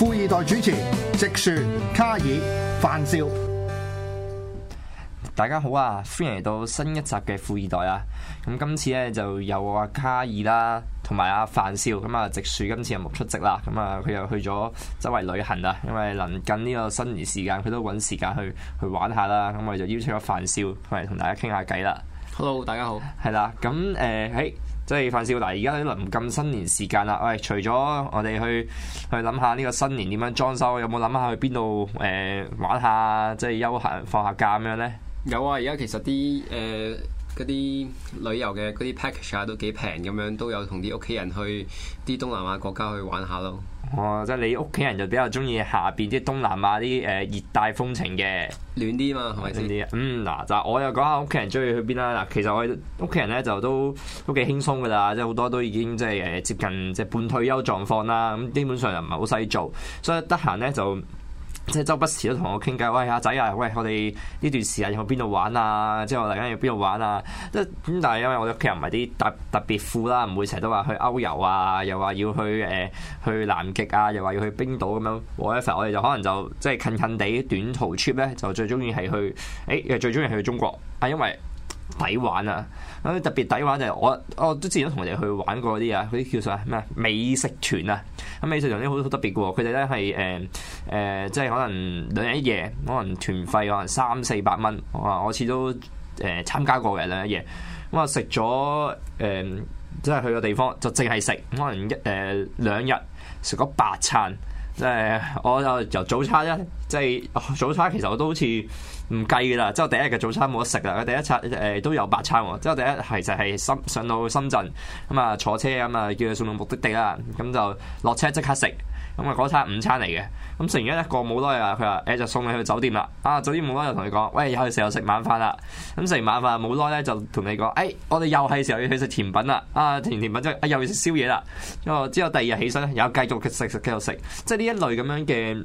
富易袋主持直樹、卡爾、范少，大家好啊！歡迎嚟到新一集嘅富易袋啊！咁今次咧就由阿、啊、卡爾啦，同埋阿范少，咁啊直樹今次又冇出席啦，咁啊佢又去咗周圍旅行啦，因為臨近呢個新年時間，佢都揾時間去去玩下啦。咁我就邀請咗范少嚟同大家傾下偈啦。Hello，大家好，係啦，咁誒喺。呃即係范少嗱，而家都臨近新年時間啦。喂，除咗我哋去去諗下呢個新年點樣裝修，有冇諗下去邊度誒玩下，即係休閒放下假咁樣咧？有啊，而家其實啲誒嗰啲旅遊嘅嗰啲 package 啊，都幾平咁樣，都有同啲屋企人去啲東南亞國家去玩下咯。哦，即係你屋企人就比較中意下邊啲東南亞啲誒、呃、熱帶風情嘅，暖啲嘛，係咪先？嗯，嗱，就我又講下屋企人中意去邊啦。嗱，其實我哋屋企人咧就都都幾輕鬆㗎啦，即係好多都已經即係誒接近即係半退休狀況啦。咁基本上就唔係好使做，所以得閒咧就。即係周不時都同我傾偈，喂阿、啊、仔啊，喂我哋呢段時間要去邊度玩啊？之後我嚟緊要邊度玩啊？即係咁、啊，但係因為我屋企人唔係啲特特別富啦，唔會成日都話去歐遊啊，又話要去誒、呃、去南極啊，又話要去冰島咁樣。我一時我哋就可能就即係近近地短途 trip 咧，就最中意係去，誒、欸、最中意去中國，係因為抵玩啊！特別抵玩就係我我都之前都同佢哋去玩過啲啊，嗰啲叫做咩美食團啊。咁美食團啲好好特別嘅喎。佢哋咧係誒、誒，即係可能兩日一夜，可能團費可能三四百蚊。我話我似都誒、呃、參加過嘅兩日一夜，咁啊食咗誒、即係去個地方就淨係食，可能一、誒、呃、兩日食咗八餐，即、呃、係我就由早餐咧。即係、哦、早餐，其實我都好似唔計啦。之後第一日嘅早餐冇得食啦。佢第一餐誒、呃、都有白餐喎、哦。之後第一係就係深上到深圳咁啊、嗯，坐車咁啊、嗯，叫佢送到目的地啦。咁、嗯、就落車即刻食。咁啊嗰餐午餐嚟嘅。咁、嗯、食完咧過冇耐啦，佢話誒就送你去酒店啦。啊酒店冇耐就同你講，喂又係時候食晚飯啦。咁、嗯、食完晚飯冇耐咧就同你講，誒、哎、我哋又係時候要去食甜品啦。啊甜甜品即係啊又要食宵夜啦。之後第二日起身又繼續食食繼續食，即係呢一類咁樣嘅。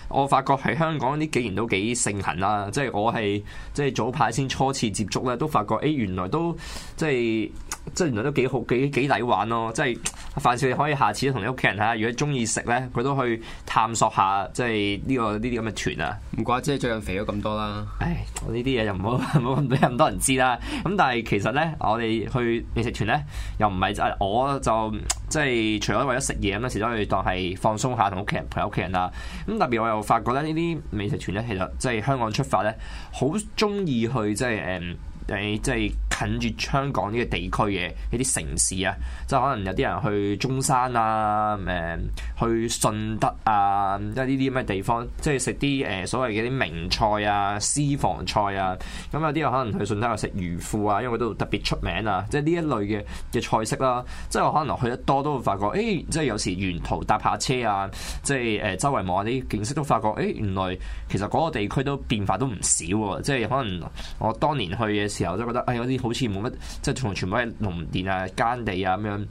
我發覺喺香港呢幾年都幾盛行啦，即係我係即係早排先初次接觸咧，都發覺誒、欸、原來都即係即係原來都幾好幾幾抵玩咯、哦，即係凡事你可以下次同你屋企人睇下，如果中意食咧，佢都去探索下，即係呢、呢個呢啲咁嘅團啊。唔怪之係最近肥咗咁多啦。唉，呢啲嘢又唔好唔好俾咁多人知啦。咁但係其實咧，我哋去美食團咧又唔係，我就即係除咗為咗食嘢咁樣時都可以當係放鬆下同屋企人陪屋企人啦。咁特別我又。我發覺咧，呢啲美食團咧，其實即係香港出發咧，好中意去，即係誒，誒、嗯嗯、即係。近住香港呢個地區嘅一啲城市啊，即係可能有啲人去中山啊，誒、嗯、去順德啊，即係呢啲咩地方，即係食啲誒所謂嘅啲名菜啊、私房菜啊，咁有啲人可能去順德又食魚腐啊，因為佢都特別出名啊，即係呢一類嘅嘅菜式啦。即係可能去得多都會發覺，誒、哎、即係有時沿途搭下車啊，即係誒周圍望下啲景色都發覺誒、哎、原來其實嗰個地區都變化都唔少喎、啊。即係可能我當年去嘅時候都覺得，誒有啲好～好似冇乜，即係同全部係農地啊、耕地啊咁樣，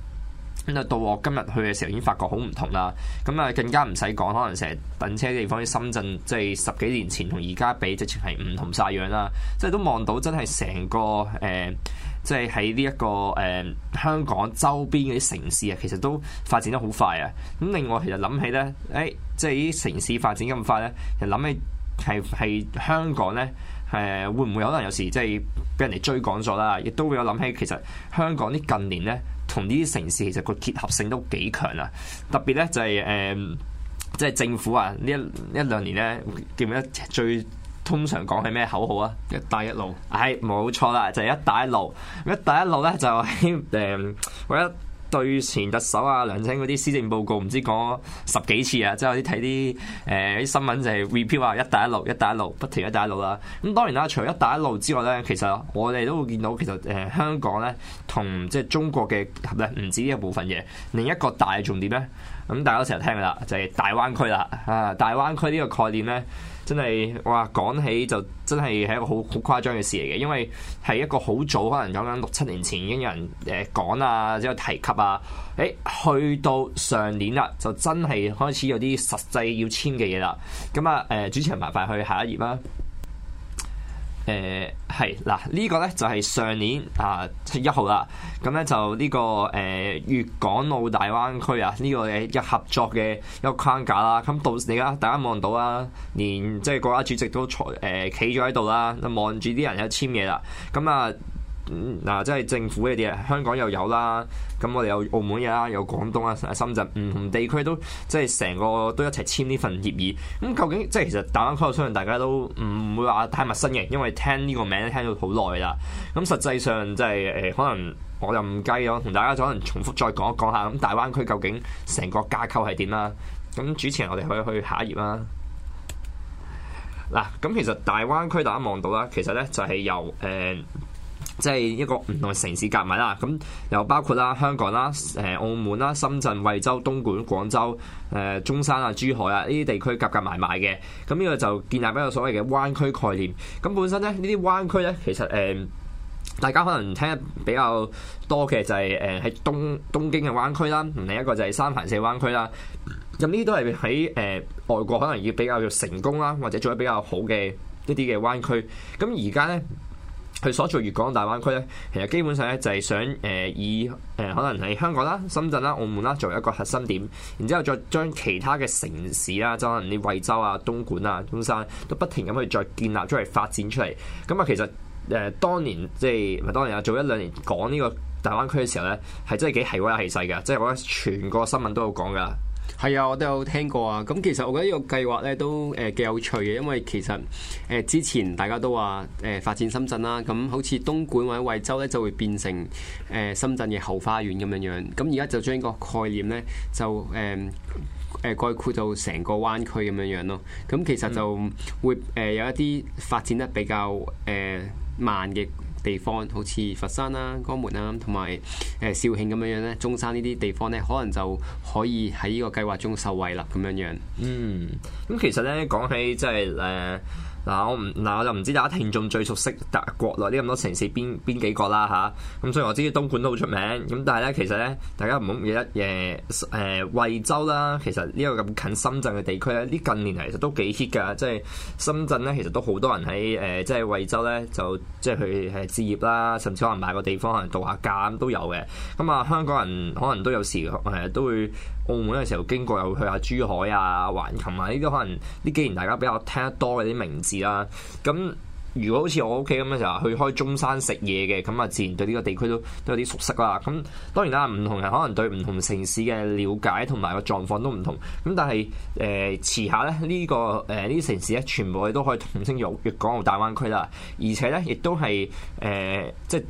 咁啊到我今日去嘅時候已經發覺好唔同啦。咁啊更加唔使講，可能成日等車嘅地方喺深圳，即係十幾年前同而家比，直情係唔同晒樣啦。即係都望到真係成個誒，即係喺呢一個誒、呃、香港周邊嘅啲城市啊，其實都發展得好快啊。咁另外其實諗起咧，誒、欸，即係啲城市發展咁快咧，其實諗起係係香港咧。誒、嗯、會唔會可能有時即係俾人哋追趕咗啦？亦都會有諗起其實香港啲近年咧，同呢啲城市其實個結合性都幾強啊！特別咧就係、是、誒、嗯，即係政府啊呢一一兩年咧叫咩？記唔記得最通常講係咩口號啊？一帶一路，係冇錯啦，就係、是、一帶一路。一帶一路咧就喺誒嗰對前特首啊、梁振英嗰啲施政報告，唔知講十幾次啊，即係啲睇啲誒啲新聞就係 repeat 話、啊、一帶一路、一帶一路，不停一帶一路啦、啊。咁當然啦、啊，除咗「一帶一路」之外咧，其實我哋都會見到其實誒、呃、香港咧，同即係中國嘅唔止呢一部分嘢。另一個大嘅重點咧，咁大家成日聽噶啦，就係大灣區啦啊！大灣區呢個概念咧。真係哇，講起就真係係一個好好誇張嘅事嚟嘅，因為係一個好早，可能講緊六七年前已經有人誒、呃、講啊，之後有提及啊，誒、欸、去到上年啦，就真係開始有啲實際要簽嘅嘢啦。咁啊誒，主持人麻煩去下一頁啦。誒係嗱，呢個咧就係上年啊七月一號啦，咁、這、咧、個、就呢、呃這個誒粵、呃、港澳大灣區啊呢個一合作嘅一個框架啦。咁到時而家大家望到啦，連即係國家主席都坐誒企咗喺度啦，望住啲人有簽嘢啦。咁啊～嗱，即係政府嗰啲啊，香港又有啦，咁我哋有澳門啊，有廣東啊，深圳唔同地區都即係成個都一齊簽呢份協議。咁究竟即係其實大灣區，我相信大家都唔會話太陌生嘅，因為聽呢個名都聽咗好耐啦。咁實際上即係誒，可能我就唔介意咗，同大家可能重複再講一講一下咁大灣區究竟成個架構係點啦。咁主持人，我哋可以去下一頁啦。嗱，咁其實大灣區大家望到啦，其實呢就係由誒。呃即係一個唔同城市夾埋啦，咁又包括啦香港啦、誒澳門啦、深圳、惠州、東莞、廣州、誒、呃、中山啊、珠海啊呢啲地區夾夾埋埋嘅，咁呢個就建立一個所謂嘅灣區概念。咁本身咧，呢啲灣區咧，其實誒、呃，大家可能聽得比較多嘅就係誒喺東東京嘅灣區啦，另一個就係三藩市灣區啦。咁呢啲都係喺誒外國可能要比較成功啦，或者做得比較好嘅一啲嘅灣區。咁而家咧。佢所做粵港大灣區咧，其實基本上咧就係想誒以誒、呃呃、可能喺香港啦、深圳啦、澳門啦作為一個核心點，然之後再將其他嘅城市啦、啊，就可能啲惠州啊、東莞啊、中山、啊、都不停咁去再建立出嚟、發展出嚟。咁、嗯、啊，其實誒、呃、當年即係唔係當年啊，早一兩年講呢個大灣區嘅時候咧，係真係幾氣威氣勢嘅，即係我覺得全個新聞都有講噶。係啊，我都有聽過啊。咁其實我覺得呢個計劃咧都誒幾有趣嘅，因為其實誒之前大家都話誒發展深圳啦，咁好似東莞或者惠州咧就會變成誒深圳嘅後花園咁樣樣。咁而家就將呢個概念咧就誒誒概括到成個灣區咁樣樣咯。咁其實就會誒有一啲發展得比較誒慢嘅地方好似佛山啦、啊、江門啊，同埋誒肇慶咁樣樣咧，中山呢啲地方咧，可能就可以喺呢個計劃中受惠啦咁樣樣。嗯，咁其實咧講起即係誒。呃嗱我唔嗱，我就唔知大家聽眾最熟悉特國內呢咁多城市，邊邊幾個啦嚇，咁雖然我知東莞都好出名，咁但係咧其實咧，大家唔好唔記得誒誒惠州啦，其實呢個咁近深圳嘅地區咧，呢近年其實都幾 hit 㗎，即係深圳咧其實都好多人喺誒、呃、即係惠州咧就即係去誒置業啦，甚至可能買個地方可能度下假，假都有嘅，咁、嗯、啊、呃、香港人可能都有時誒、呃、都會。澳門嘅時候經過又去下珠海啊、橫琴啊，呢啲可能呢幾年大家比較聽得多嘅啲名字啦。咁如果好似我屋企咁嘅時候去開中山食嘢嘅，咁啊自然對呢個地區都都有啲熟悉啦。咁當然啦，唔同人可能對唔同城市嘅了解同埋個狀況都唔同。咁但係誒、呃、遲下咧，呢、呢個誒呢啲城市咧，全部都可以統稱作粵港澳大灣區啦。而且咧，亦都係誒、呃、即係。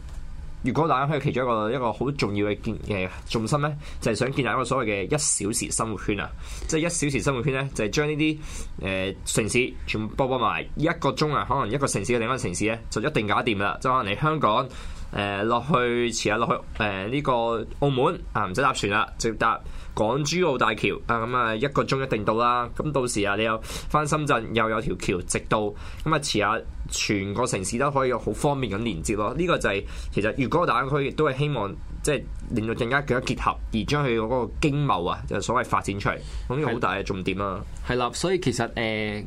如果大家係其中一個一個好重要嘅建誒重心咧，就係想建立一個所謂嘅一小時生活圈啊！即係一小時生活圈咧，就係將呢啲誒城市全部包埋一個鐘啊，可能一個城市嘅另一個城市咧，就一定搞掂啦！就可能你香港。誒落去遲下落去誒呢、呃這個澳門啊，唔使搭船啦，直接搭港珠澳大橋啊，咁啊一個鐘一定到啦。咁到時啊，你又返深圳又有條橋，直到咁啊，遲、嗯、下全個城市都可以好方便咁連接咯。呢、這個就係、是、其實粵港澳大灣區亦都係希望即係令到更加更加結合，而將佢嗰個經貿啊，就所謂發展出嚟，咁呢個好大嘅重點啦、啊。係啦，所以其實誒，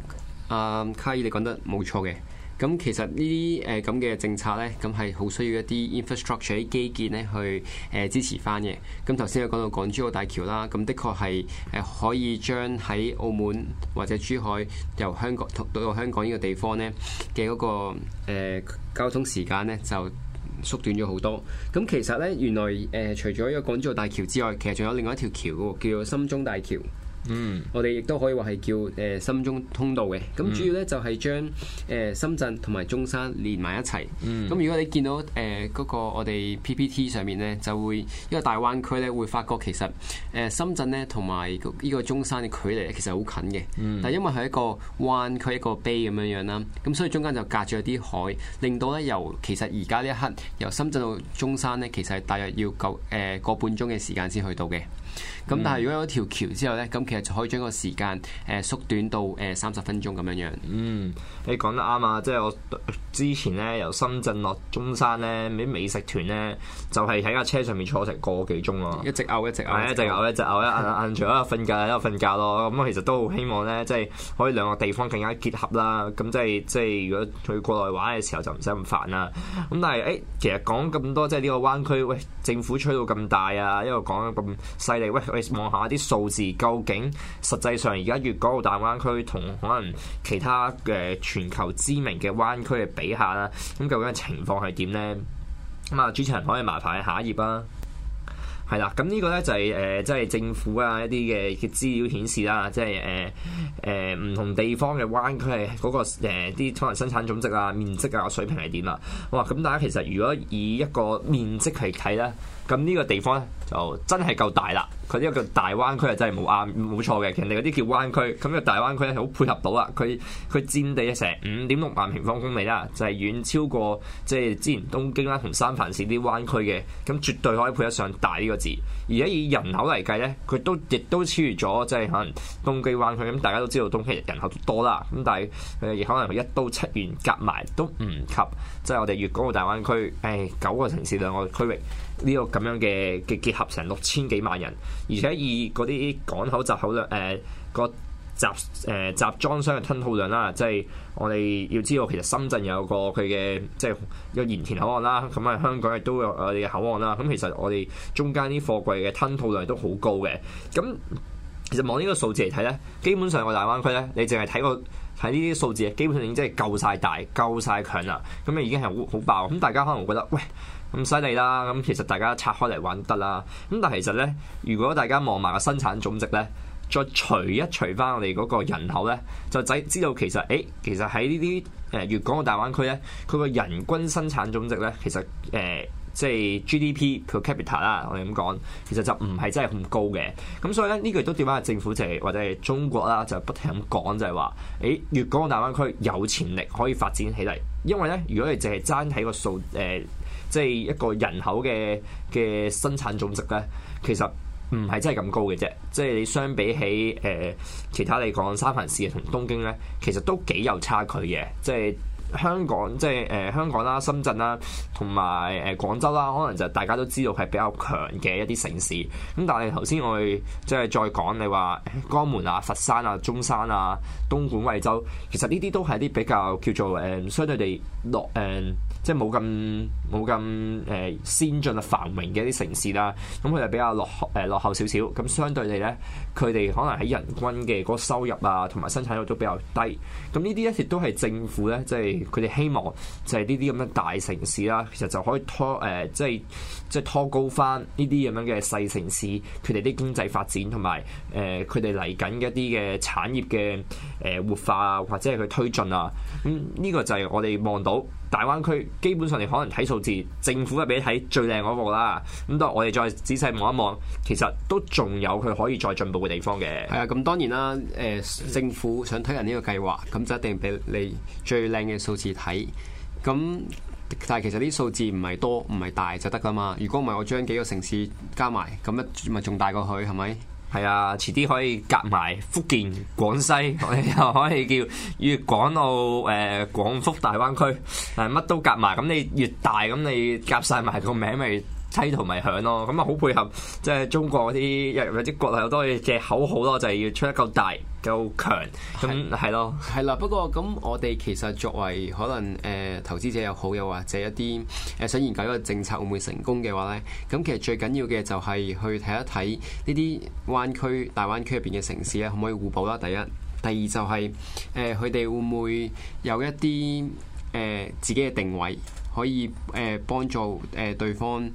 阿、呃、卡爾你講得冇錯嘅。咁其實呢啲誒咁嘅政策咧，咁係好需要一啲 infrastructure 啲基建咧去誒、呃、支持翻嘅。咁頭先有講到港珠澳大橋啦，咁、嗯、的確係誒可以將喺澳門或者珠海由香港到到香港呢個地方咧嘅嗰個、呃、交通時間咧就縮短咗好多。咁、嗯、其實咧原來誒、呃、除咗呢個港珠澳大橋之外，其實仲有另外一條橋嘅，叫做深中大橋。嗯，mm. 我哋亦都可以話係叫誒深中通道嘅，咁主要咧就係將誒深圳同埋中山連埋一齊，嗯，咁如果你見到誒個我哋 PPT 上面咧，就會一個大灣區咧，會發覺其實誒深圳咧同埋呢個中山嘅距離其實好近嘅。嗯，mm. 但係因為係一個灣區一個 Bay 咁樣樣啦，咁所以中間就隔住一啲海，令到咧由其實而家呢一刻由深圳到中山咧，其實係大約要夠誒個半鐘嘅時間先去到嘅。咁但係如果有一條橋之後咧，咁就可以將個時間誒縮短到誒三十分鐘咁樣樣。嗯，你講得啱啊！即係我之前咧由深圳落中山咧，啲美食團咧就係喺架車上面坐成個幾鐘咯，一直嘔一直嘔，一直嘔一直嘔，一晏晏住瞓覺喺度瞓覺咯。咁啊，其實都好希望咧，即係可以兩個地方更加結合啦。咁即係即係，如果去國內玩嘅時候就唔使咁煩啦。咁但係誒，其實講咁多，即係呢個灣區，喂，政府吹到咁大啊，一路講咁犀利，喂喂，望下啲數字究竟？咁實際上而家粵港澳大灣區同可能其他嘅全球知名嘅灣區嘅比下啦，咁究竟情況係點呢？咁啊，主持人可以麻煩去下一頁啦。係啦。咁呢個呢就係、係、誒，即、呃、係、就係、政府啊一啲嘅嘅資料顯示啦，即係誒誒唔同地方嘅灣區係、嗰、嗰個啲可能生產總值啊、面積啊、水平係點啊？哇！咁大家其實如果以一個面積嚟睇呢。咁呢個地方咧就真係夠大啦，佢呢個叫大灣區啊，真係冇啱冇錯嘅，人哋嗰啲叫灣區，咁個大灣區咧係好配合到啊，佢佢佔地一成五點六萬平方公里啦，就係遠超過即係之前東京啦同三藩市啲灣區嘅，咁絕對可以配得上大呢個字。而家以人口嚟計咧，佢都亦都超越咗，即、就、係、是、可能東京灣區。咁大家都知道東京人口多啦，咁但係誒，亦、呃、可能一刀七元夾埋都唔及，即、就、係、是、我哋粵港澳大灣區誒九個城市兩個區域呢個咁樣嘅嘅結合成六千幾萬人，而且以嗰啲港口集口量誒、呃、個集誒、呃、集裝箱嘅吞吐量啦，即係我哋要知道，其實深圳有個佢嘅即係有鹽田口岸啦，咁啊香港亦都有我哋嘅口岸啦。咁、嗯、其實我哋中間啲貨櫃嘅吞吐量都好高嘅。咁、嗯、其實望呢個數字嚟睇咧，基本上個大灣區咧，你淨係睇個睇呢啲數字，基本上已經真係夠晒大、夠晒強啦。咁、嗯、啊已經係好好爆。咁、嗯、大家可能覺得喂，咁犀利啦。咁、嗯、其實大家拆開嚟玩得啦。咁、嗯、但係其實咧，如果大家望埋個生產總值咧，再除一除翻我哋嗰個人口咧，就仔知道其實，誒、欸，其實喺呢啲誒粵港澳大灣區咧，佢個人均生產總值咧，其實誒，即係 GDP per capita 啦，我哋咁講，其實就唔係真係咁高嘅。咁所以咧，呢個亦都點解政府就係、或者係中國啦，就不停咁講就係話，誒、欸，粵港澳大灣區有潛力可以發展起嚟，因為咧，如果你淨係爭喺個數誒，即、呃、係、就是、一個人口嘅嘅生產總值咧，其實。唔係真係咁高嘅啫，即係你相比起誒、呃、其他你講三藩市同東京呢，其實都幾有差距嘅。即係香港，即係誒香港啦、深圳啦、啊，同埋誒廣州啦、啊，可能就大家都知道係比較強嘅一啲城市。咁但係頭先我哋即係再講你話江門啊、佛山啊、中山啊、東莞、惠州，其實呢啲都係啲比較叫做誒、嗯、相對地落誒。嗯即係冇咁冇咁誒先進啊、繁榮嘅一啲城市啦，咁佢哋比較落誒落後少少，咁相對地咧，佢哋可能喺人均嘅嗰個收入啊，同埋生產率都比較低。咁呢啲咧亦都係政府咧，即係佢哋希望就係呢啲咁嘅大城市啦、啊，其實就可以拖誒，即係即係拖高翻呢啲咁樣嘅細城市佢哋啲經濟發展同埋誒佢哋嚟緊一啲嘅產業嘅誒活化啊，或者係去推進啊。咁呢個就係我哋望到。大灣區基本上你可能睇數字，政府係俾睇最靚嗰部啦。咁但我哋再仔細望一望，其實都仲有佢可以再進步嘅地方嘅。係啊，咁當然啦。誒、呃，政府想推行呢個計劃，咁就一定俾你最靚嘅數字睇。咁但係其實啲數字唔係多唔係大就得㗎嘛。如果唔係，我將幾個城市加埋，咁一咪仲大過佢係咪？係啊，遲啲可以夾埋福建、廣西，我哋又可以叫粵港澳誒、呃、廣福大灣區，係乜都夾埋。咁你越大，咁你夾晒埋個名咪？睇同埋響咯，咁啊好配合，即係中國嗰啲，或者國內好多嘢嘅口號咯，就係、是、要出得夠大、夠強，咁係的對咯的，係啦。不過咁，我哋其實作為可能誒、呃、投資者又好，又或者一啲誒、呃、想研究一個政策會唔會成功嘅話咧，咁其實最緊要嘅就係去睇一睇呢啲灣區、大灣區入邊嘅城市咧，可唔可以互補啦？第一，第二就係誒佢哋會唔會有一啲誒、呃、自己嘅定位，可以誒、呃、幫助誒、呃呃、對方。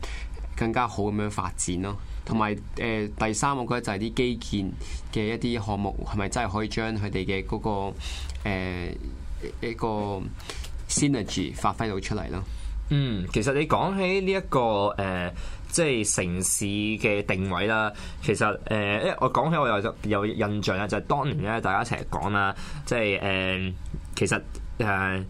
更加好咁樣發展咯，同埋誒第三，我覺得就係啲基建嘅一啲項目，係咪真係可以將佢哋嘅嗰個、呃、一個 synergy 發揮到出嚟咯？嗯，其實你講起呢、這、一個誒，即、呃、係、就是、城市嘅定位啦，其實誒、呃，因為我講起我又有，有印象啊，就係、是、當年咧大家一齊講啦，即係誒，其實誒。呃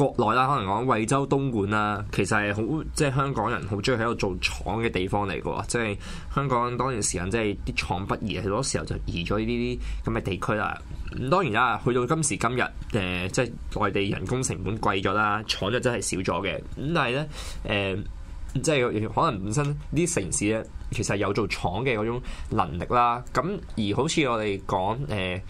國內啦，可能講惠州、東莞啦，其實係好即係香港人好中意喺度做廠嘅地方嚟嘅喎，即係香港當時時間即係啲廠北移，好多時候就移咗呢啲咁嘅地區啦。咁當然啦，去到今時今日，誒、呃、即係內地人工成本貴咗啦，廠就真係少咗嘅。咁但係咧，誒、呃、即係可能本身呢啲城市咧，其實有做廠嘅嗰種能力啦。咁而好似我哋講誒。呃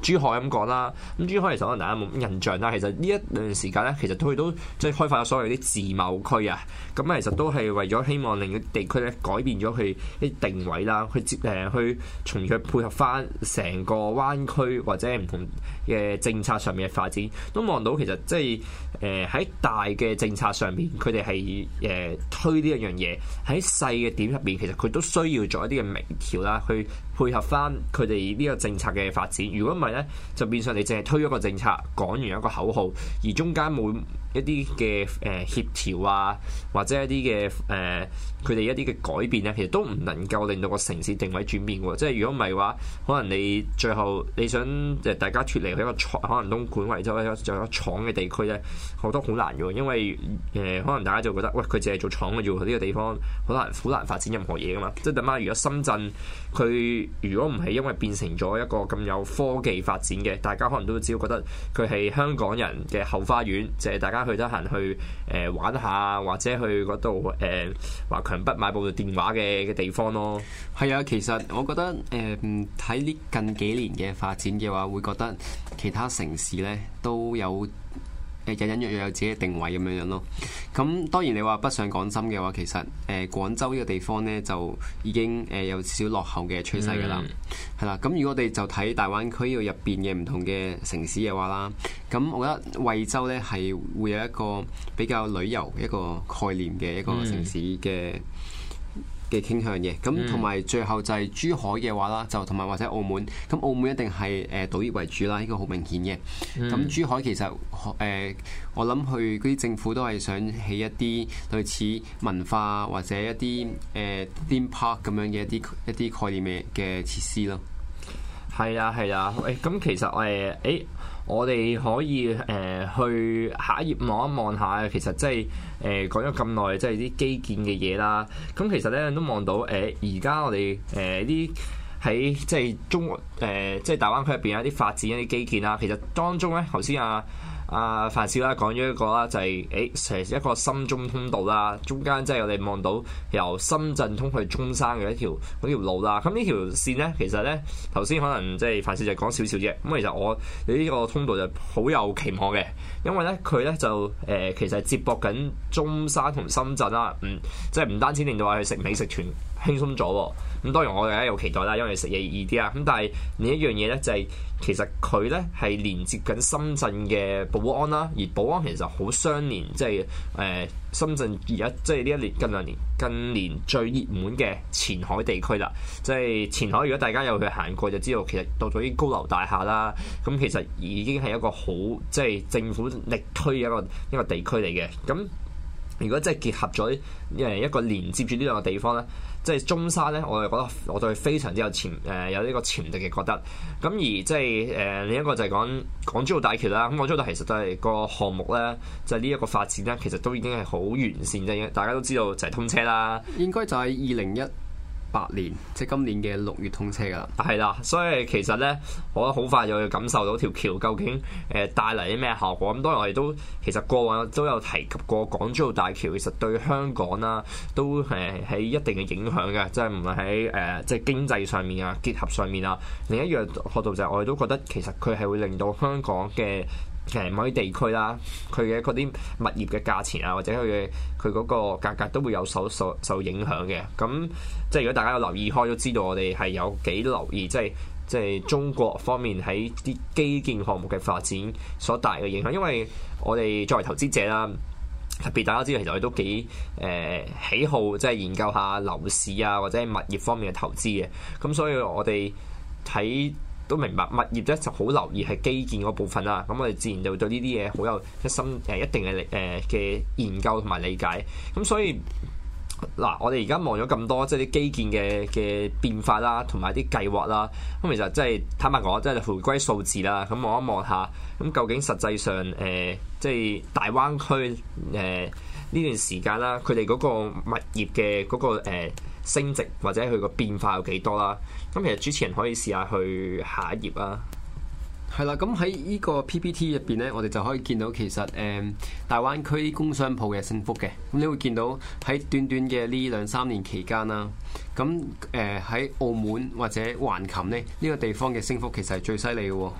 珠海咁講啦，咁珠海其實可能大家冇印象啦。其實呢一段時間咧，其實佢都即係開發咗所謂啲自貿區啊。咁其實都係為咗希望令個地區咧，改變咗佢啲定位啦，去接誒去、呃、從而配合翻成個灣區或者唔同嘅政策上面嘅發展。都望到其實即係誒喺大嘅政策上面，佢哋係誒推呢一樣嘢。喺細嘅點入面，其實佢都需要做一啲嘅微調啦，去。配合翻佢哋呢個政策嘅發展，如果唔係呢，就變相你淨係推一個政策，講完一個口號，而中間冇一啲嘅誒協調啊，或者一啲嘅誒。呃佢哋一啲嘅改變咧，其實都唔能夠令到個城市定位轉變喎。即係如果唔係嘅話，可能你最後你想誒大家脱離去一個廠，可能東莞、惠州啊，仲有廠嘅地區咧，好多好難嘅。因為誒、呃、可能大家就覺得，喂，佢淨係做廠嘅啫喎，呢、呢個地方好難好難發展任何嘢噶嘛。即係點啊？如果深圳佢如果唔係因為變成咗一個咁有科技發展嘅，大家可能都只要覺得佢係香港人嘅後花園，就係大家去得閒去誒玩下，或者去嗰度誒強不買部電話嘅嘅地方咯。係啊，其實我覺得誒，睇、呃、啲近幾年嘅發展嘅話，會覺得其他城市呢都有。誒隱隱約約有自己定位咁樣樣咯，咁當然你話北上廣深嘅話，其實誒廣州呢個地方呢，就已經誒有少少落後嘅趨勢㗎啦，係啦、mm。咁、hmm。如果我哋就睇大灣區要入邊嘅唔同嘅城市嘅話啦，咁我覺得惠州呢係會有一個比較旅遊一個概念嘅一個城市嘅。Mm hmm. 嘅傾向嘅，咁同埋最後就係珠海嘅話啦，就同埋或者澳門，咁澳門一定係誒賭業為主啦，呢、這個好明顯嘅。咁、嗯、珠海其實誒、呃，我諗佢啲政府都係想起一啲類似文化或者一啲誒、呃、theme park 咁樣嘅一啲一啲概念嘅嘅設施咯。係啊，係啊，喂、欸，咁其實誒，誒、欸。我哋可以誒、呃、去下一頁望一望下，其實即係誒講咗咁耐，即係啲基建嘅嘢啦。咁其實咧都望到誒，而家我哋誒啲喺即係中誒即係大灣區入邊一啲發展一啲基建啦。其實當中咧，頭先啊。啊，范少啦，講咗一個啦、就是，就係誒成一個深中通道啦，中間即係我哋望到由深圳通去中山嘅一條嗰條路啦。咁呢條線咧，其實咧頭先可能即係范少就講少少啫。咁其實我對呢個通道就好有期望嘅，因為咧佢咧就誒、呃、其實接駁緊中山同深圳啦，唔即係唔單止令到我去食美食團。輕鬆咗喎，咁當然我哋而家有期待啦，因為食嘢易啲啦。咁但係另一樣嘢咧，就係其實佢咧係連接緊深圳嘅寶安啦，而寶安其實好相連，即係誒深圳而家即係呢一年近兩年近年最熱門嘅前海地區啦。即係前海，如果大家有去行過，就知道其實到咗啲高樓大廈啦。咁其實已經係一個好即係政府力推嘅一個一個地區嚟嘅。咁如果即係結合咗誒一個連接住呢兩個地方咧。即係中山咧，我就覺得我對佢非常之有潛誒、呃、有呢個潛力嘅覺得。咁而即係誒、呃、另一個就係講港珠澳大橋啦。咁港珠澳其實都係個項目咧，就係呢一個發展咧，其實都已經係好完善嘅。大家都知道就係通車啦，應該就係二零一八年，即、就、係、是、今年嘅六月通車㗎啦。係啦，所以其實咧，我好快就要感受到條橋究竟誒、呃、帶嚟啲咩效果。咁當然我哋都其實過往都有提及過港珠澳大橋，其實對香港啦、啊、都係喺、呃、一定嘅影響嘅，即係唔係喺誒即係經濟上面啊、結合上面啊。另一樣角度就係我哋都覺得其實佢係會令到香港嘅。其實某啲地區啦，佢嘅嗰啲物業嘅價錢啊，或者佢嘅佢嗰個價格都會有所受受受影響嘅。咁即係如果大家有留意開，都知道我哋係有幾留意，即係即係中國方面喺啲基建項目嘅發展所帶嚟嘅影響。因為我哋作為投資者啦，特別大家知道其實我哋都幾誒，呃，喜好，即、就、係、是、研究下樓市啊，或者係物業方面嘅投資嘅。咁所以我哋喺。都明白，物業咧就好留意係基建嗰部分啦。咁我哋自然就對呢啲嘢好有一心誒一定嘅誒嘅研究同埋理解。咁所以嗱，我哋而家望咗咁多即係啲基建嘅嘅變化啦，同埋啲計劃啦。咁其實即係坦白講即係回歸數字啦。咁望一望下，咁究竟實際上誒，即、呃、係、就係、大灣區誒呢、呃、段時間啦，佢哋嗰個物業嘅嗰、嗰個、呃升值或者佢個變化有幾多啦？咁其實主持人可以試下去下一頁啊。係啦，咁喺呢個 PPT 入邊呢，我哋就可以見到其實誒、呃、大灣區工商鋪嘅升幅嘅。咁你會見到喺短短嘅呢兩三年期間啦。咁誒喺澳門或者橫琴呢，呢、呢個地方嘅升幅其實係最犀利嘅喎。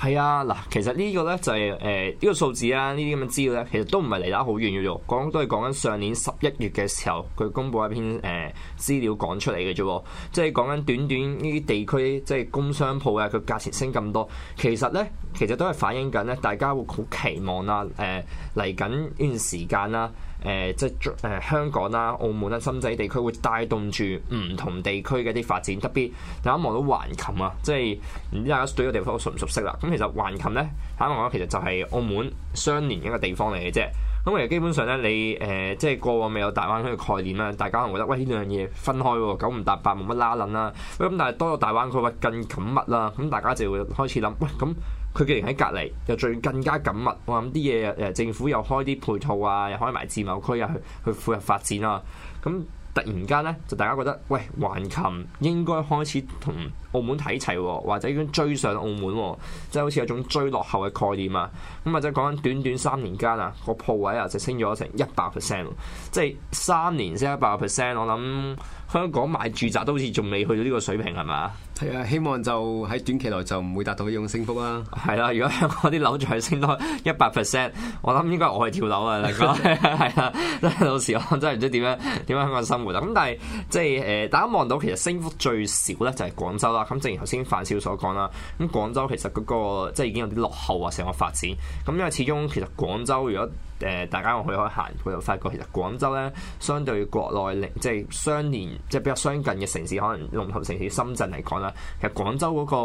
係啊，嗱、就是呃這個啊呃啊，其實呢個咧就係誒呢個數字啊，呢啲咁嘅資料咧，其實都唔係嚟得好遠嘅喎，講都係講緊上年十一月嘅時候，佢公布一篇誒資料講出嚟嘅啫，即係講緊短短呢啲地區，即係工商鋪啊，佢價錢升咁多，其實咧其實都係反映緊咧，大家會好期望啦、啊，誒嚟緊呢段時間啦、啊。誒、呃、即係誒、呃、香港啦、啊、澳門啦、啊、深圳地區會帶動住唔同地區嘅一啲發展，特別大家望到橫琴啊，即係唔知大家對個地方熟唔熟悉啦、啊。咁、嗯、其實橫琴咧，坦白講其實就係澳門相連一個地方嚟嘅啫。咁其實基本上咧，你誒、呃、即係過往未有大灣區嘅概念啦，大家可能覺得喂呢兩樣嘢分開喎、啊，九唔搭八冇乜拉撚啦。咁、啊、但係多咗大灣區，喂更緊密啦、啊。咁大家就會開始諗，喂咁。佢既然喺隔離又最更加緊密，哇！咁啲嘢誒政府又開啲配套啊，又開埋自貿區啊，去去富入發展啦、啊。咁突然間咧，就大家覺得喂橫琴應該開始同澳門睇齊、啊，或者已經追上澳門、啊，即係好似有種追落後嘅概念啊。咁或者講緊短短三年間啊，個鋪位啊就升咗成一百 percent，即係三年先一百 percent，我諗。香港買住宅都好似仲未去到呢個水平係咪？係啊，希望就喺短期內就唔會達到呢種升幅啦。係啦、啊，如果香港啲樓仲係升多一百 percent，我諗應該我係跳樓 啊！大哥係啦，真係、啊、到時我真係唔知點樣點樣香港生活啦。咁但係即係誒，大家望到其實升幅最少咧就係廣州啦。咁正如頭先范少所講啦，咁廣州其實嗰、那個即係已經有啲落後啊成個發展。咁因為始終其實廣州如果……誒，大家我去開行，佢就發覺其實廣州咧，相對國內即係相連，即係比較相近嘅城市，可能龍頭城市深圳嚟講啦，其實廣州嗰個，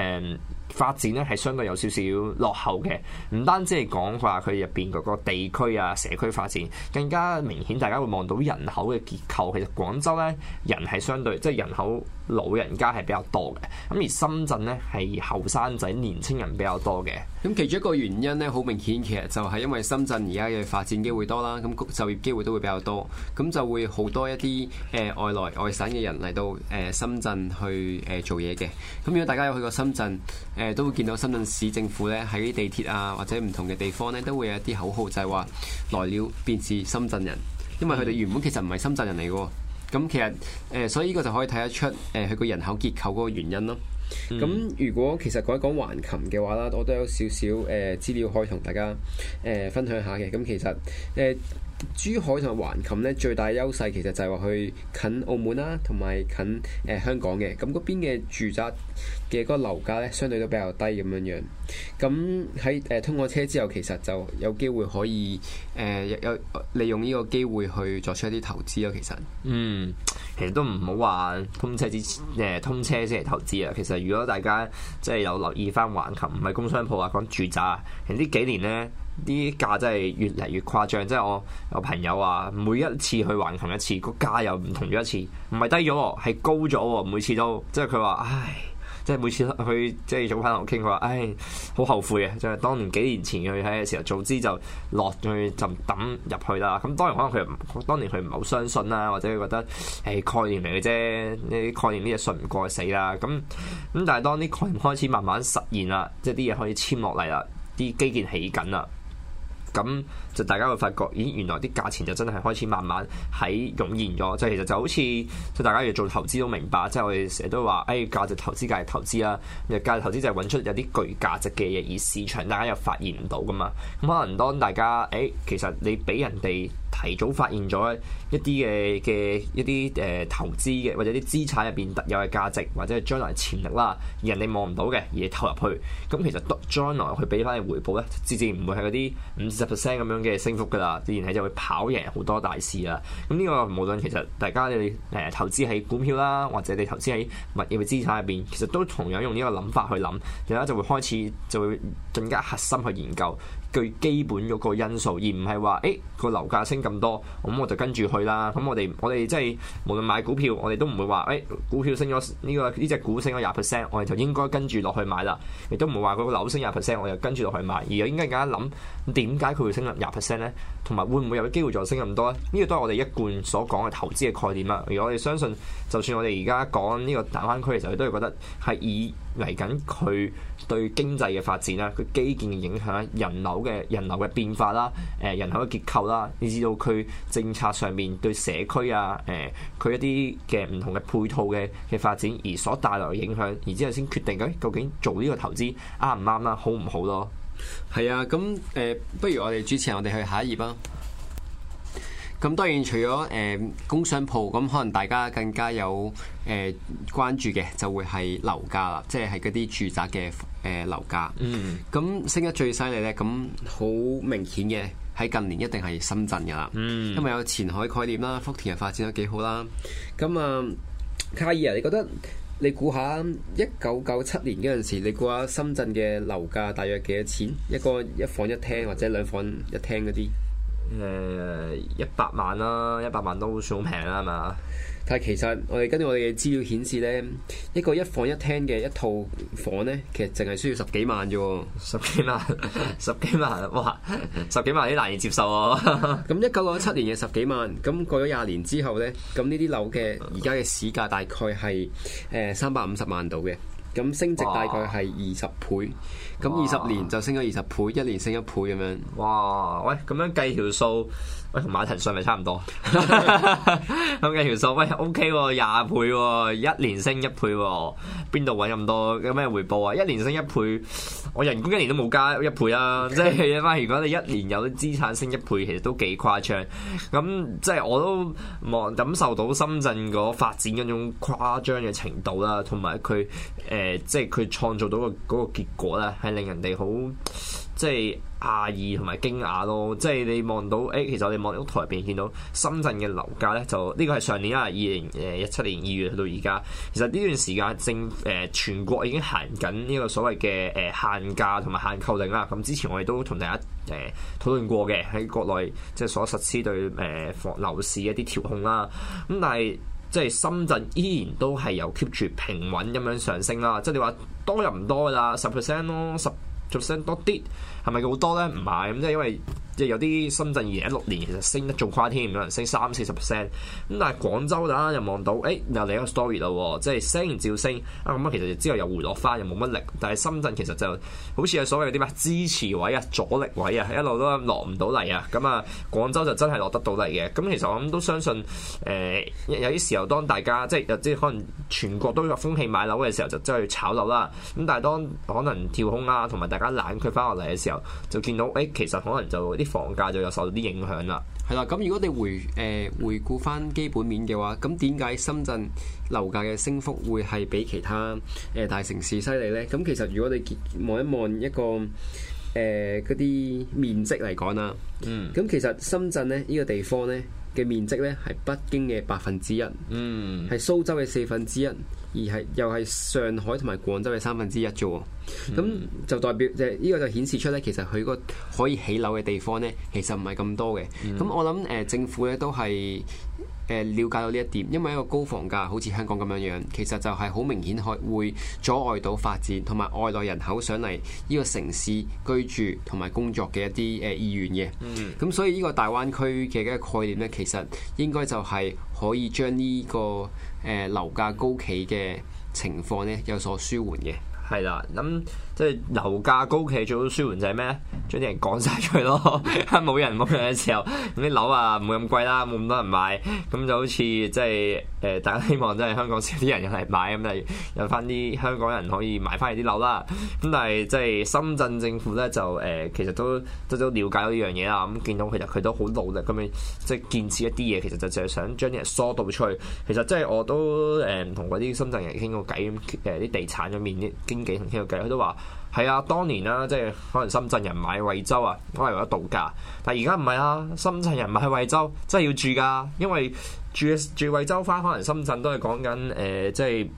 誒發展咧係相對有少少落後嘅，唔單止係講話佢入邊嗰個地區啊，社區發展更加明顯，大家會望到人口嘅結構。其實廣州咧人係相對即係人口老人家係比較多嘅，咁而深圳呢係後生仔、年青人比較多嘅。咁其中一個原因呢，好明顯其實就係因為深圳而家嘅發展機會多啦，咁就業機會都會比較多，咁就會好多一啲誒、呃、外來外省嘅人嚟到誒、呃、深圳去誒、呃、做嘢嘅。咁如果大家有去過深圳，呃誒都會見到深圳市政府咧喺地鐵啊，或者唔同嘅地方咧，都會有一啲口號就，就係話來了便是深圳人，因為佢哋原本其實唔係深圳人嚟嘅。咁其實誒、呃，所以呢個就可以睇得出誒佢個人口結構嗰個原因咯。咁、嗯、如果其實講一講橫琴嘅話啦，我都有少少誒資料可以同大家誒、呃、分享下嘅。咁其實誒。呃珠海同埋橫琴咧，最大優勢其實就係話去近澳門啦、啊，同埋近誒、呃、香港嘅。咁嗰邊嘅住宅嘅嗰個樓價咧，相對都比較低咁樣樣。咁喺誒通過車之後，其實就有機會可以誒、呃、有利用呢個機會去作出一啲投資咯。其實，嗯。其實都唔好話通車之前，誒通車先嚟投資啊！其實如果大家即係有留意翻橫琴，唔係工商鋪啊，講住宅啊，其實呢幾年咧啲價真係越嚟越誇張。即係我有朋友話，每一次去橫琴一次，個價又唔同咗一次，唔係低咗喎，係高咗喎，每次都即係佢話，唉。即係每次去，即係早翻同我傾佢話，唉，好後悔啊！就係當年幾年前去喺嘅時候，早知就落去就抌入去啦。咁當然可能佢，當年佢唔係好相信啦，或者佢覺得誒概念嚟嘅啫，呢啲概念啲嘢信唔過就死啦。咁咁但係當啲概念開始慢慢實現啦，即係啲嘢可以簽落嚟啦，啲基建起緊啦，咁。就大家會發覺，咦，原來啲價錢就真係開始慢慢喺湧現咗。即係其實就好似大家要做投資都明白，即係我哋成日都話，誒，價值投資，價值投資啦。價值投資就係搵出有啲具價值嘅嘢，而市場大家又發現唔到㗎嘛。咁可能當大家，誒，其實你俾人哋提早發現咗一啲嘅嘅一啲誒投資嘅，或者啲資產入邊特有嘅價值，或者係將來潛力啦，而人哋望唔到嘅嘢投入去，咁其實將來佢俾翻你回報咧，自然唔會係嗰啲五十 percent 咁樣。嘅升幅噶啦，自然係就會跑贏好多大市啦。咁呢個無論其實大家你誒投資喺股票啦，或者你投資喺物業嘅資產入邊，其實都同樣用呢個諗法去諗，而家就會開始就會更加核心去研究。最基本嗰個因素，而唔係話，誒、欸個樓價升咁多，咁我就跟住去啦。咁我哋我哋即係無論買股票，我哋都唔會話，誒、欸、股票升咗呢、這個呢隻、這個、股升咗廿 percent，我哋就應該跟住落去買啦。亦都唔會話嗰個樓升廿 percent，我又跟住落去買。而應該更加諗點解佢會升咗廿 percent 咧？同埋會唔會有機會再升咁多咧？呢、這個都係我哋一貫所講嘅投資嘅概念啦。如果我哋相信，就算我哋而家講呢個大灣區嘅時候，都係覺得係以，嚟緊佢對經濟嘅發展啦，佢基建嘅影響，人流嘅人流嘅變化啦，誒、呃、人口嘅結構啦，你知道佢政策上面對社區啊，誒、呃、佢一啲嘅唔同嘅配套嘅嘅發展而所帶來嘅影響，然之後先決定，誒、哎、究竟做呢個投資啱唔啱啦，好唔好咯？係啊，咁誒、呃，不如我哋主持人，我哋去下一頁啊。.咁當然除咗誒、呃、工商鋪，咁可能大家更加有誒、呃、關注嘅，就會係樓價啦，即係係嗰啲住宅嘅誒樓價。就是呃、樓價嗯。咁升得最犀利咧，咁好明顯嘅喺近年一定係深圳㗎啦。嗯。因為有前海概念啦，福田又發展得幾好啦。咁啊、嗯，卡爾啊，你覺得你估下一九九七年嗰陣時，你估下，下深圳嘅樓價大約幾多錢一個一房一廳或者兩房一廳嗰啲？誒一百萬啦，一百萬都算好平啦，係嘛？但係其實我哋根據我哋嘅資料顯示呢，一個一房一廳嘅一套房呢，其實淨係需要十幾萬啫喎。十幾萬， 十幾萬，哇！十幾萬你難以接受啊！咁一九九七年嘅十幾萬，咁過咗廿年之後呢，咁呢啲樓嘅而家嘅市價大概係三百五十萬到嘅。咁升值大概係二十倍，咁二十年就升咗二十倍，哇一年升一倍咁樣。哇！喂，咁樣計條數。哎、Okay. 喂，同馬騰訊咪差唔多咁嘅條數。喂，O K 喎，廿倍喎，哦，一年升一倍喎，哦，邊度揾咁多有咩回報啊？一年升一倍，我人工一年都冇加一倍啦，啊。即係翻，如果你一年有啲資產升一倍，其實都幾誇張。咁即係我都望感受到深圳嗰發展嗰種誇張嘅程度啦，同埋佢誒即係佢創造到嘅嗰個結果啦，係令人哋好。即係訝異同埋驚訝咯，即係你望到，誒、欸，其實我哋望到台面見到深圳嘅樓價咧，就呢個係上年啊，二零誒一七年二月去到而家，其實呢段時間正誒、呃、全國已經行緊呢個所謂嘅誒、呃、限價同埋限購令啦。咁、嗯、之前我哋都同大家誒、呃、討論過嘅，喺國內即係所實施對誒、呃、房樓市一啲調控啦。咁、嗯、但係即係深圳依然都係有 keep 住平穩咁樣上升啦。即係你話多又唔多㗎啦，十 percent 咯十。多啲係咪好多咧？唔係咁，即係因為。即係有啲深圳二零一六年其實升得仲快添，有人升三四十 percent。咁但係廣州啦，又望到，誒、欸，又嚟個 story 啦，即係升照升。啊，咁啊，其實之後又回落翻，又冇乜力。但係深圳其實就好似係所謂啲咩支持位啊、阻力位啊，一路都落唔到嚟啊。咁、嗯、啊，廣州就真係落得到嚟嘅。咁、嗯、其實我諗都相信，誒、呃，有啲時候當大家即係即係可能全國都有個風氣買樓嘅時候，就真係炒樓啦。咁但係當可能跳空啦、啊，同埋大家冷卻翻落嚟嘅時候，就見到誒、欸，其實可能就。啲房價就有受到啲影響啦。係啦，咁如果你回誒、呃、回顧翻基本面嘅話，咁點解深圳樓價嘅升幅會係比其他誒、呃、大城市犀利呢？咁其實如果你望一望一個誒嗰啲面積嚟講啦，嗯，咁其實深圳咧呢、呢個地方呢嘅面積呢係北京嘅百、嗯、分之一，嗯，係蘇州嘅四分之一。而係又係上海同埋廣州嘅三分之一啫喎，咁、嗯、就代表就係呢個就顯示出咧，其實佢個可以起樓嘅地方咧，其實唔係咁多嘅。咁、嗯、我諗誒、呃、政府咧都係誒了解到呢一點，因為一個高房價好似香港咁樣樣，其實就係好明顯可會阻礙到發展同埋外來人口上嚟呢個城市居住同埋工作嘅一啲誒意願嘅。咁、嗯、所以呢個大灣區嘅一個概念咧，其實應該就係可以將呢、這個。誒、呃、樓價高企嘅情況咧有所舒緩嘅，係啦，咁。即係樓價高企，做到舒緩就係咩？將啲人趕晒出去咯， 冇人冇嘢嘅時候，咁啲樓啊唔會咁貴啦，冇咁多人買，咁就好似即係誒，大家希望即係香港少啲人入嚟買，嗯，咁就有翻啲香港人可以買翻啲樓啦。咁但係即係深圳政府咧就誒、呃，其實都都都瞭解到呢樣嘢啦。咁見到其實佢都好努力咁樣即係建設一啲嘢，其實就淨係想將啲人疏導出去。其實即係我都誒同嗰啲深圳人傾過偈，誒啲地產嗰面啲經紀同傾過偈，佢都話。係啊，當年啦，即係可能深圳人買惠州啊，可能為咗度假。但係而家唔係啊，深圳人買惠州真係要住㗎、啊，因為住住惠州返，可能深圳都係講緊誒，即係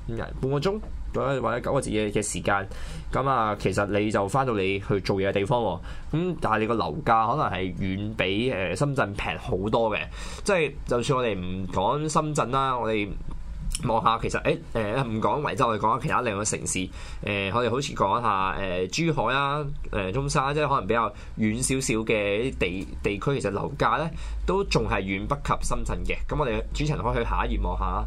半個鐘、呃、或者九個字嘅嘅時間。咁、嗯、啊，其實你就返到你去做嘢嘅地方喎、啊。咁、嗯、但係你個樓價可能係遠比誒、呃、深圳平好多嘅，即係就算我哋唔講深圳啦、啊，我哋……望下其實誒誒唔講惠州，我哋講下其他兩個城市誒、呃，我哋好似講下誒、呃、珠海啦、啊、誒、呃、中山、啊，即係可能比較遠少少嘅地地區，其實樓價咧都仲係遠不及深圳嘅。咁我哋主持人可以去下一頁望下。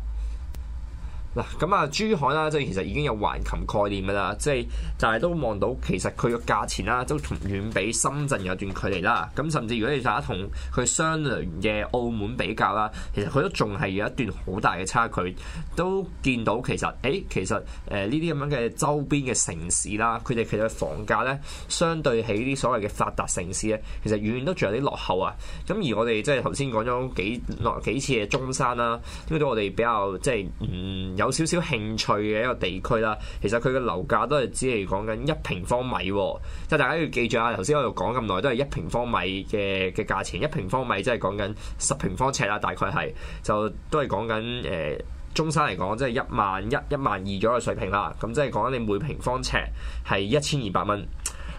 嗱，咁啊，珠海啦，即係其實已經有橫琴概念噶啦，即係，但係都望到其實佢個價錢啦、啊，都同遠比深圳有段距離啦。咁、啊、甚至如果你大家同佢相鄰嘅澳門比較啦、啊，其實佢都仲係有一段好大嘅差距。都見到其實誒、欸、其實誒呢啲咁樣嘅周邊嘅城市啦、啊，佢哋其實房價咧，相對起啲所謂嘅發達城市咧，其實遠遠都仲有啲落後啊。咁、啊、而我哋即係頭先講咗幾耐幾次嘅中山啦、啊，因為都我哋比較即係唔、嗯。有。有少少興趣嘅一個地區啦，其實佢嘅樓價都係只係講緊一平方米，即係大家要記住啊！頭先我哋講咁耐都係一平方米嘅嘅價錢，一平方米即係講緊十平方尺啦，大概係就都係講緊誒中山嚟講，即係一萬一、一萬二左右嘅水平啦。咁即係講緊你每平方尺係一千二百蚊，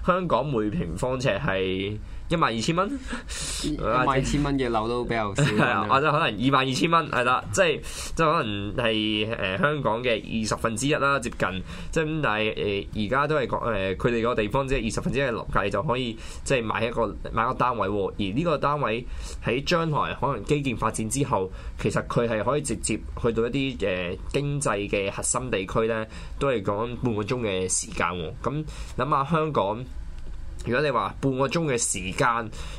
香港每平方尺係，一萬二千蚊，一萬二千蚊嘅樓都比較少。或、哎、者 可能二萬二千蚊，係啦，即係即係可能係誒香港嘅二十分之一啦，接近。即係咁，但係誒而家都係講誒佢哋個地方，即係二十分之一嘅樓價就可以即係買一個買一個單位喎、啊。而呢個單位喺將來可能基建發展之後，其實佢係可以直接去到一啲誒、呃、經濟嘅核心地區咧，都係講半個鐘嘅時，時間、啊。咁諗下香港。如果你話半個鐘嘅時，時間，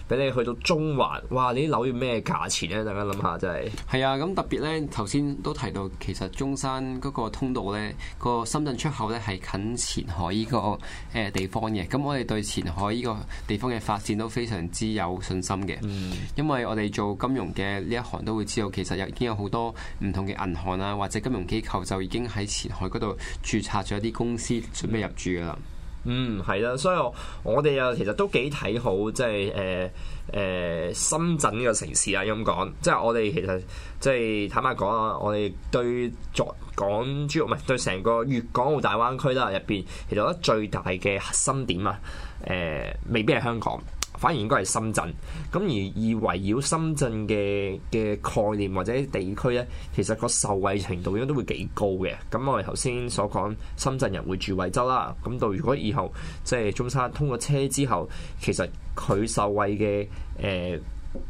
俾你去到中環，哇！你啲樓要咩價錢呢？大家諗下，真係。係啊，咁特別呢，頭先都提到，其實中山嗰個通道呢，個深圳出口呢，係近前海呢個誒地方嘅。咁我哋對前海呢個地方嘅發展都非常之有信心嘅。嗯。因為我哋做金融嘅呢一行都會知道，其實有已經有好多唔同嘅銀行啦、啊，或者金融機構就已經喺前海嗰度註冊咗一啲公司，準備入住㗎啦。嗯，係啦，所以我哋啊，其實都幾睇好，即係誒、呃呃、深圳呢個城市啦。咁講，即係我哋其實即係坦白講啊，我哋對作港珠澳唔係對成個粵港澳大灣區啦，入邊其實我覺得最大嘅核心點啊，誒、呃、未必係香港。反而應該係深圳，咁而以圍繞深圳嘅嘅概念或者地區咧，其實個受惠程度應該都會幾高嘅。咁我哋頭先所講，深圳人會住惠州啦。咁到如果以後即係、就是、中山通過車之後，其實佢受惠嘅誒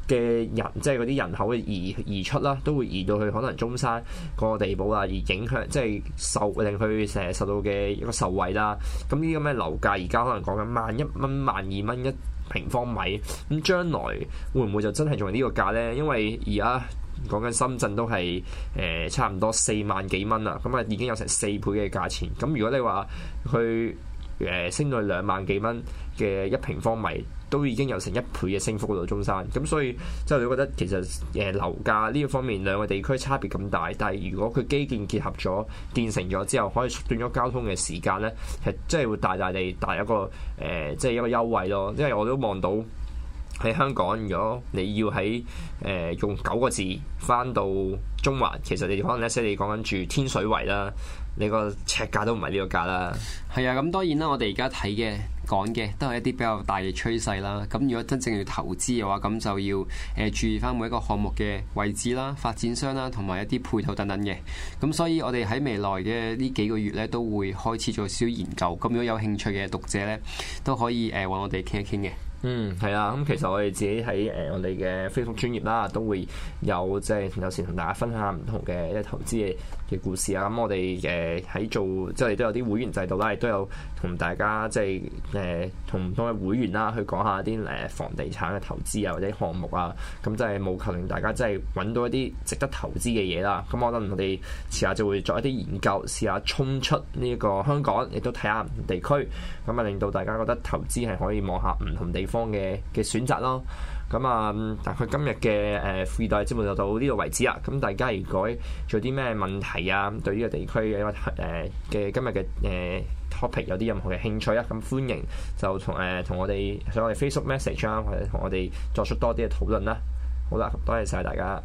嘅人，即係嗰啲人口嘅移移出啦，都會移到去可能中山嗰個地步啊，而影響即係受令佢成日受到嘅一個受惠啦。咁呢啲咁嘅樓價而家可能講緊萬一蚊、萬二蚊一。平方米，咁將來會唔會就真係仲係呢個價呢？因為而家講緊深圳都係誒、呃、差唔多四萬幾蚊啦，咁、嗯、啊已經有成四倍嘅價錢。咁、嗯、如果你話去誒升到兩萬幾蚊嘅一平方米？都已經有成一倍嘅升幅喺度，中山咁，所以即係你覺得其實誒樓價呢個方面兩個地區差別咁大，但係如果佢基建結合咗、建成咗之後，可以縮短咗交通嘅時間呢，係真係會大大地大一個誒、呃，即係一個優惠咯。因為我都望到喺香港，如果你要喺誒、呃、用九個字翻到中環，其實你可能呢你講緊住天水圍啦，你尺價個尺價都唔係呢個價啦。係啊，咁、嗯、當然啦，我哋而家睇嘅。講嘅都係一啲比較大嘅趨勢啦。咁如果真正要投資嘅話，咁就要誒注意翻每一個項目嘅位置啦、發展商啦、同埋一啲配套等等嘅。咁所以我哋喺未來嘅呢幾個月呢，都會開始做少少研究。咁如果有興趣嘅讀者呢，都可以誒搵我哋傾一傾嘅。嗯，係啊，咁其實我哋自己喺誒、呃、我哋嘅飛 a 專業啦，都會有即係、就是、有時同大家分享下唔同嘅一投資嘅嘅故事啊。咁、嗯、我哋誒喺做即係都有啲會員制度啦，亦都有同大家即係誒、呃、同唔同嘅會員啦去講一下啲誒房地產嘅投資啊或者項目啊。咁、嗯、即係冇求令大家即係揾到一啲值得投資嘅嘢啦。咁、啊嗯、我諗我哋遲下就會作一啲研究，試下衝出呢一個香港，亦都睇下唔同地區，咁、嗯、啊令到大家覺得投資係可以望下唔同地區，方嘅嘅選擇咯，咁、嗯、啊，大概今日嘅誒富易袋節目就到呢度為止啦。咁大家如果做啲咩問題啊，對呢個地區嘅或誒嘅今日嘅誒 topic 有啲任何嘅興趣啊，咁歡迎就同誒、呃、同我哋上 Facebook message 啊，或者同我哋作出多啲嘅討論啦、啊。好啦，多謝晒大家。